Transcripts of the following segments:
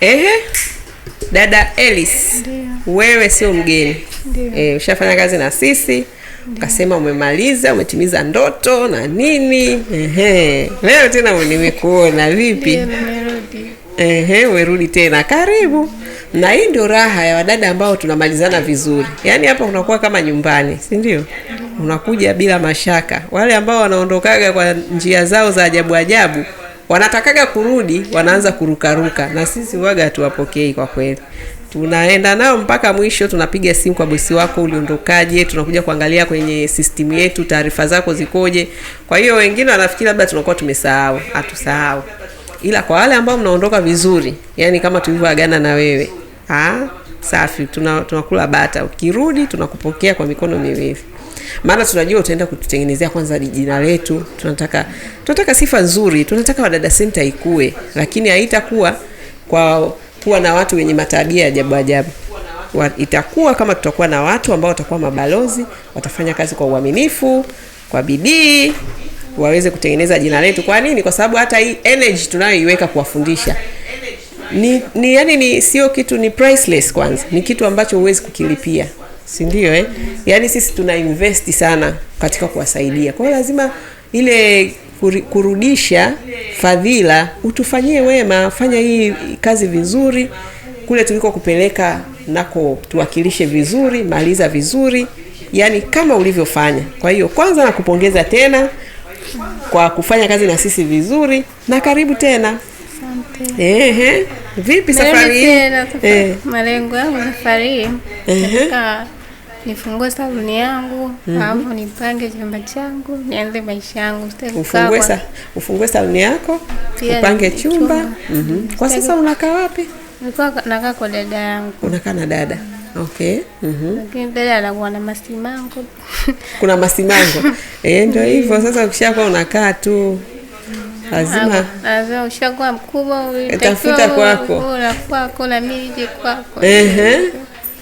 Ehe. dada Alice wewe sio mgeni e, ushafanya kazi na sisi ukasema umemaliza umetimiza ndoto na nini ehe. Leo tena nimekuona vipi? Ehe, umerudi tena, karibu. Na hii ndio raha ya wadada ambao tunamalizana vizuri, yaani hapa unakuwa kama nyumbani, si ndio? Unakuja bila mashaka. Wale ambao wanaondokaga kwa njia zao za ajabu ajabu wanatakaga kurudi, wanaanza kurukaruka, na sisi waga hatuwapokei kwa kweli. Tunaenda nao mpaka mwisho, tunapiga simu kwa bosi wako, uliondokaje? Tunakuja kuangalia kwenye system yetu, taarifa zako zikoje? Kwa hiyo wengine wanafikiri labda tunakuwa tumesahau, hatusahau. Ila kwa wale ambao mnaondoka vizuri, yani kama tulivyoagana na wewe, ah, safi, tunakula tuna bata, ukirudi tunakupokea kwa mikono miwili maana tunajua utaenda kututengenezea kwanza jina letu. Tunataka tunataka sifa nzuri, tunataka Wadada Center ikue, lakini haitakuwa kwa kuwa na watu wenye matabia ajabu ajabu. Itakuwa kama tutakuwa na watu ambao watakuwa mabalozi, watafanya kazi kwa uaminifu, kwa bidii waweze kutengeneza jina letu. Kwa nini? Kwa sababu hata hii energy tunayoiweka kuwafundisha ni, ni yani ni sio kitu, ni priceless. Kwanza ni kitu ambacho huwezi kukilipia si ndio eh? Yaani sisi tuna invest sana katika kuwasaidia, kwa hiyo lazima ile kurudisha fadhila, utufanyie wema, fanya hii kazi vizuri, kule tuliko kupeleka nako tuwakilishe vizuri, maliza vizuri, yaani kama ulivyofanya. Kwa hiyo kwanza nakupongeza tena kwa kufanya kazi na sisi vizuri, na karibu tena. Asante. Ehe, vipi safari hii? Eh. Malengo yangu safari hii nifungue saluni yangu mm -hmm. nipange chumba changu nianze maisha yangu. Ufungue, sa, ufungue saluni yako pia upange chumba, chumba. Mm -hmm. Kwa sasa unakaa wapi? Nilikuwa nakaa kwa dada yangu. Unakaa na dada? Okay. mm -hmm. Lakini dada anakuwa na masimango kuna masimango eh, ndio hivyo sasa. Ukishakuwa unakaa tu lazima ushakuwa mkubwa, eh, tafuta kwako kwako na mimi kwako. Ehe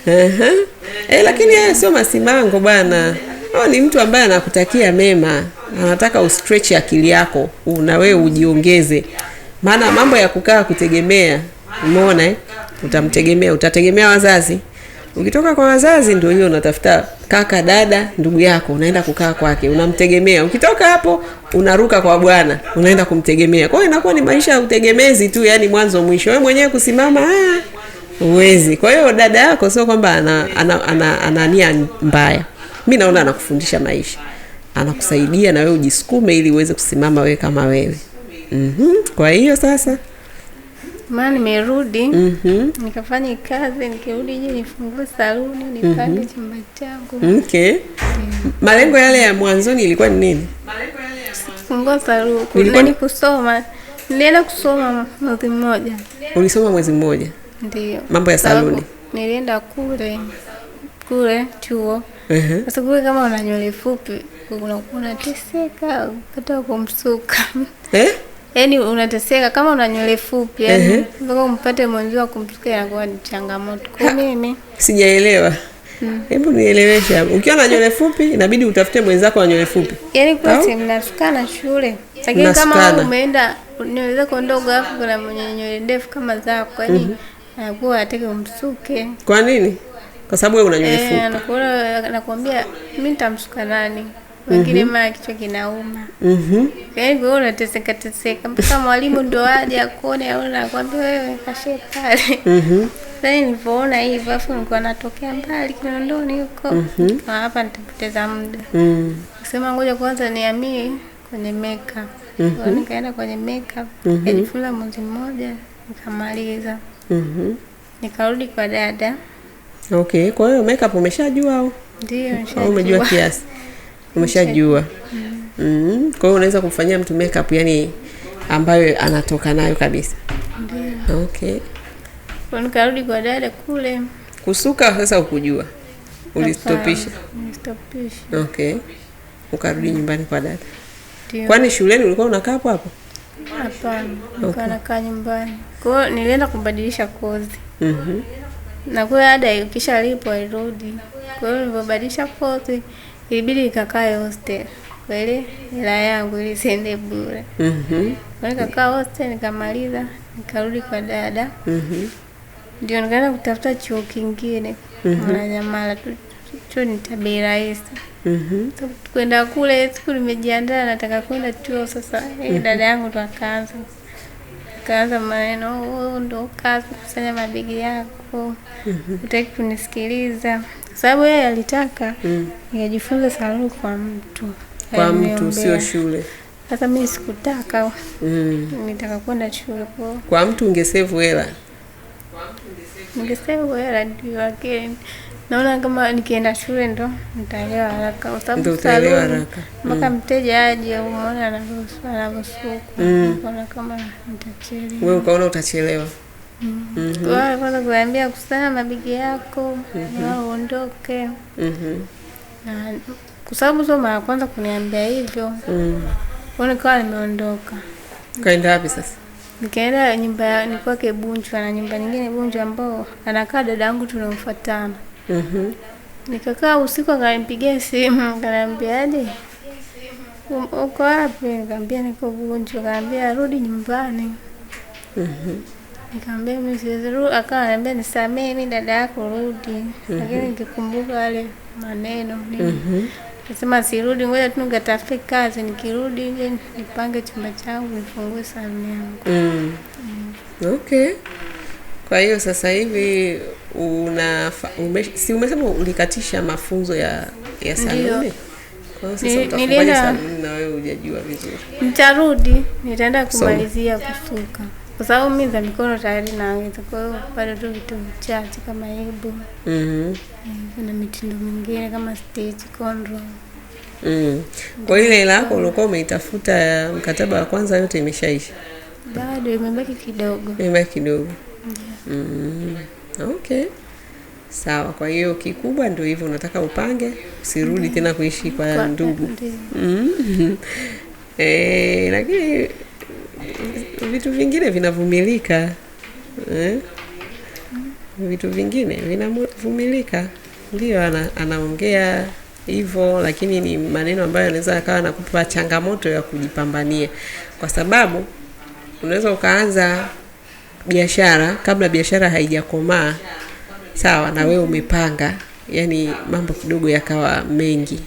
eh, lakini haya sio masimango bwana. Huyo ni mtu ambaye anakutakia mema, anataka ustretch akili yako na wewe ujiongeze, maana mambo ya kukaa kutegemea, umeona eh? Utamtegemea, utategemea wazazi. Ukitoka kwa wazazi ndio hiyo, unatafuta kaka, dada, ndugu yako, unaenda kukaa kwake, unamtegemea. Ukitoka hapo unaruka kwa bwana, unaenda kumtegemea. Kwa hiyo inakuwa ni maisha ya utegemezi tu, yani mwanzo mwisho, wewe mwenyewe kusimama aa ah, Uwezi. Kwa hiyo dada yako sio kwamba ana, ana, ana, ana nia mbaya. Mi naona anakufundisha maisha, anakusaidia na wewe ujisukume ili uweze kusimama wewe kama wewe. Mm-hmm. Kwa hiyo sasa maana nimerudi mm-hmm. nikafanya kazi nikirudi, je, nifungue saluni mhm. nipange mm-hmm. chumba changu okay. Mm. malengo yale ya mwanzoni ilikuwa ni nini? fungua saluni ilikuwa ni kusoma. Nilienda kusoma mwezi mmoja. Ulisoma mwezi mmoja? Ndio. Mambo ya saluni. Nilienda kule kule chuo. Uh-huh. kama una nywele fupi unakuwa unateseka ukata kumsuka. Eh? Yaani unateseka kama una nywele fupi yaani mpaka umpate mwanzo wa kumsuka inakuwa ni changamoto. Kwa mimi sijaelewa. Mm. Hebu hmm, nielewesha. Ukiwa na nywele fupi inabidi utafute mwenzako wa nywele fupi. Yaani kwetu mnasukana shule. Lakini kama umeenda nywele zako ndogo afu kuna mwenye nywele ndefu kama zako yaani mm -hmm anakuwa hataki umsuke. Kwa nini? Kwa sababu wewe una eh, nywele fupi. Anakuwa anakuambia mimi nitamsuka nani? Wengine mm -hmm. mara kichwa kinauma. Mhm. Mm Yaani wewe unateseka teseka mpaka mwalimu ndo aje akuone au anakuambia wewe kashe pale. Mhm. Mm. Yaani Sasa nilipoona hivyo afu nilikuwa natokea mbali Kinondoni huko. Mhm. Mm. Hapa nitapoteza muda. Mhm. Sema ngoja kwanza niamie kwenye makeup. Mhm. Mm Nikaenda kwenye makeup, mm -hmm. nikajifunza mwezi mmoja nikamaliza. Mhm. Nikarudi kwa dada. Okay, kwa hiyo makeup umeshajua au? Ndio, umeshajua. Au umejua kiasi? Umeshajua. Mm. Kwa hiyo unaweza kumfanyia mtu makeup yani ambayo anatoka nayo kabisa. Ndio. Okay. Kwa nikarudi kwa dada kule. Kusuka sasa ukujua. Ulistopisha. Ulistopisha. Okay. Ukarudi nyumbani kwa dada. Ndio. Kwani shuleni ulikuwa unakaa hapo hapo? Hapana, nilikuwa nakaa nyumbani, kwa hiyo nilienda kubadilisha kozi mm na kwa ada lipo irudi. Kwa hiyo nilipobadilisha kozi ilibidi ikakae hostel kweli, hela yangu ili siende bure mm kwa hiyo nikakaa hostel nikamaliza, nikarudi kwa dada mm ndio nikaenda kutafuta chuo kingine Mwananyamala mm -hmm. tu cho ni tabia rahisi mm -hmm. Kwenda kule siku nimejiandaa, nataka kwenda chuo sasa. mm -hmm. Dada yangu ndo akaanza akaanza maneno, oh, ndo kazi kusanya mabegi yako, utaki mhm. kunisikiliza sababu yeye alitaka mm. nikajifunza saluni kwa mtu kwa mtu, sio shule. Sasa mimi sikutaka mm. nitaka kwenda shule kwa kwa mtu. Ungesevu hela, ungesevu hela ndio, lakini Naona kama nikienda shule ndo nitaelewa haraka, kwa sababu utaelewa haraka mpaka mm. mteja aje au muone anavyosuka, mm. kama nitachelewa. Wewe ukaona utachelewa mm-hmm. Mm-hmm. kwanza, kuambia kusana mabigi yako wao mm-hmm. ondoke, kwa sababu sio mara kwanza kuniambia hivyo. Mm. Nikawa nimeondoka. Kaenda wapi sasa? Nikaenda nyumba ni kwake Bunju, ana nyumba nyingine Bunju ambao anakaa dada yangu tunamfuatana mm Nikakaa usiku, akanipigia simu, aje, uko wapi? Nikamwambia niko Vunjo. Akaniambia rudi nyumbani. mm Nikamwambia mimi siwezi rudi. Akawa ananiambia nisamehe, mimi dada yako rudi. Mhm. Lakini nikikumbuka wale maneno mm mhm. Nasema sirudi, ngoja tu ngatafute kazi, nikirudi nipange chumba changu nifungue saluni yangu. mm. mm. Okay. Kwa hiyo sasa hivi una ume, si umesema ulikatisha mafunzo ya ya saluni? Nilienda na wewe hujajua vizuri. Nitarudi, nitaenda kumalizia kusuka kwa sababu mimi za mikono tayari naweza. Kwa hiyo bado tu vitu vichache kama hebu mm -hmm. na mitindo mingine kama stage control mm. Kwa ile yako ulikuwa umeitafuta mkataba wa kwanza yote imeshaisha? Bado imebaki kidogo, imebaki kidogo. Mm. mm, okay sawa. Kwa hiyo kikubwa ndio hivyo, unataka upange usirudi mm. tena kuishi kwa, kwa ndugu mm E, lakini vitu vingine vinavumilika eh? vitu vingine vinavumilika, ndio ana, anaongea hivyo lakini ni maneno ambayo anaweza akawa nakupa changamoto ya kujipambania, kwa sababu unaweza ukaanza biashara, kabla biashara haijakomaa sawa, na wewe umepanga, yani mambo kidogo yakawa mengi.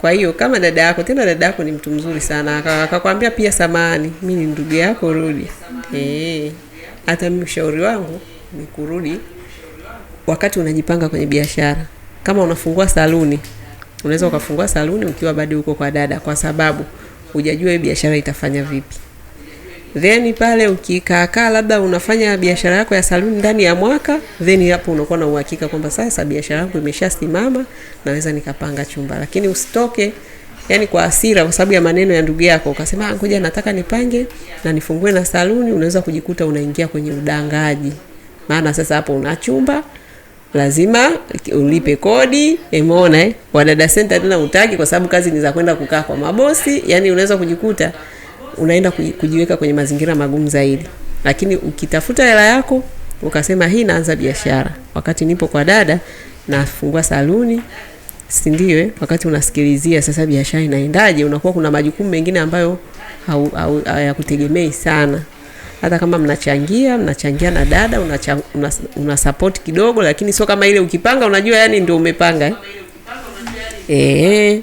Kwa hiyo kama dada yako, tena dada yako ni mtu mzuri sana, akakwambia pia, samani, mi ni ndugu yako, rudi. hata mimi ushauri wangu ni kurudi wakati unajipanga kwenye biashara. Kama unafungua saluni, unaweza ukafungua saluni ukiwa bado huko kwa dada, kwa sababu hujajua hii biashara itafanya vipi then pale ukikaakaa labda unafanya biashara yako ya saluni ndani ya mwaka, then hapo unakuwa na uhakika kwamba sasa biashara yangu imeshasimama, naweza nikapanga chumba. Lakini usitoke yani kwa asira kwa sababu ya maneno ya ndugu yako, ukasema ah, ngoja nataka nipange na nifungue na saluni, unaweza kujikuta unaingia kwenye udangaji. Maana sasa hapo una chumba lazima ulipe kodi. Umeona eh? Wadada Center tena utaki, kwa sababu kazi ni za kwenda kukaa kwa mabosi, yani unaweza kujikuta unaenda kujiweka kwenye mazingira magumu zaidi. Lakini ukitafuta hela yako ukasema hii naanza biashara, wakati nipo kwa dada nafungua saluni, si ndio? Eh, wakati unasikilizia sasa biashara inaendaje, unakuwa kuna majukumu mengine ambayo hayakutegemei sana. Hata kama mnachangia mnachangia na dada unacha, una, una kidogo, lakini sio kama ile ukipanga, unajua yani ndio umepanga eh. eh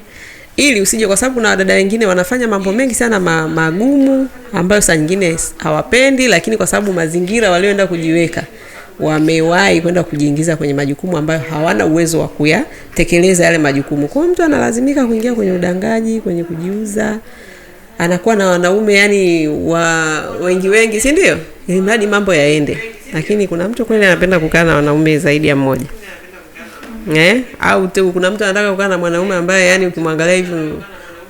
ili usije, kwa sababu kuna wadada wengine wanafanya mambo mengi sana ma, magumu ambayo saa nyingine hawapendi, lakini kwa sababu mazingira walioenda kujiweka wamewahi kwenda kujiingiza kwenye majukumu ambayo hawana uwezo wa kuyatekeleza yale majukumu. Kwa mtu analazimika kuingia kwenye udangaji, kwenye kujiuza, anakuwa na wanaume yani wa wengi wengi, si ndio? Ili mradi mambo yaende, lakini kuna mtu kweli anapenda kukaa na wanaume zaidi ya mmoja eh, au te, kuna mtu anataka kukaa na mwanaume ambaye yani ukimwangalia hivi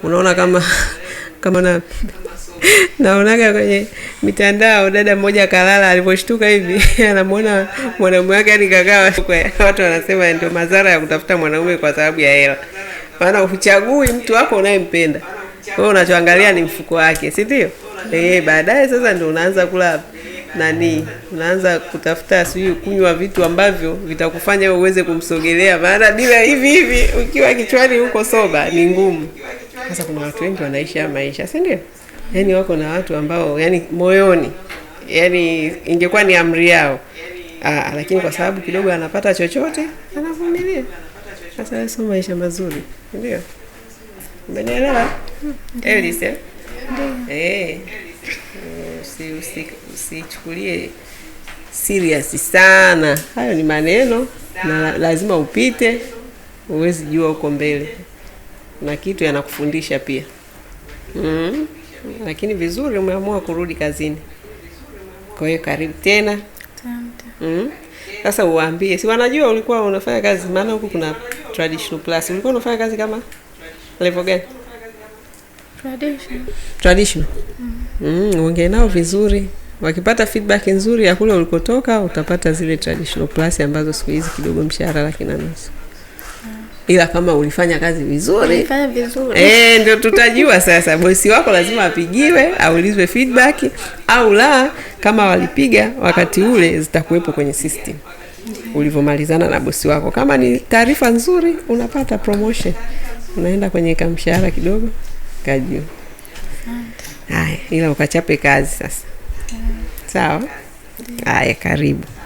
unaona kama kama na naonaga kwenye mitandao dada mmoja kalala, aliposhtuka hivi anamwona mwanaume wake, yani kakaa. Watu wanasema ndio madhara ya kutafuta mwanaume kwa sababu ya hela, maana uchagui mtu wako unayempenda, wewe unachoangalia ni mfuko wake, si ndio? Eh, baadaye sasa ndio unaanza kula nani, unaanza kutafuta sijui kunywa vitu ambavyo vitakufanya uweze kumsogelea, maana bila hivi hivi ukiwa kichwani huko soba ni ngumu. Sasa kuna watu wengi wanaisha maisha, si ndio? Yani wako na watu ambao yani moyoni, yani ingekuwa ni amri yao ah, lakini kwa sababu kidogo anapata chochote anavumilia. Sasa sio maisha mazuri, ndio umenielewa? Elis eh, usichukulie serious sana. Hayo ni maneno na lazima upite, huwezi jua huko mbele na kitu yanakufundisha pia mm. Lakini vizuri umeamua kurudi kazini, kwa hiyo karibu tena mm. Sasa uwaambie, si wanajua ulikuwa unafanya kazi, maana huku kuna traditional plus. Ulikuwa unafanya kazi kama level gani? traditional. Traditional. Mm. Mm, ongee nao vizuri wakipata feedback nzuri ya kule ulikotoka utapata zile traditional plus ambazo siku hizi kidogo mshahara laki na nusu ila kama ulifanya kazi vizuri, vizuri. E, ndio tutajua sasa. Bosi wako lazima apigiwe aulizwe feedback, au la kama walipiga wakati ule zitakuwepo kwenye system ulivyomalizana na bosi wako. Kama ni taarifa nzuri, unapata promotion, unaenda kwenye kamshahara kidogo kajua Haya, ila ukachape kazi sasa. Sawa. Haya, karibu.